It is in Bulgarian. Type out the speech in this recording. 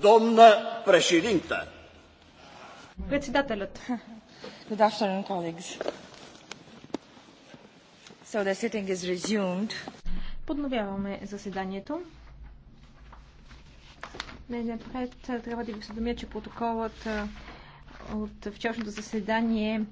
Doamnă președintă! Председателят. Good afternoon, colleagues. So the sitting is resumed. Подновяваме заседанието. Най-напред е, трябва да ви осведомя, че протоколът е, от вчерашното заседание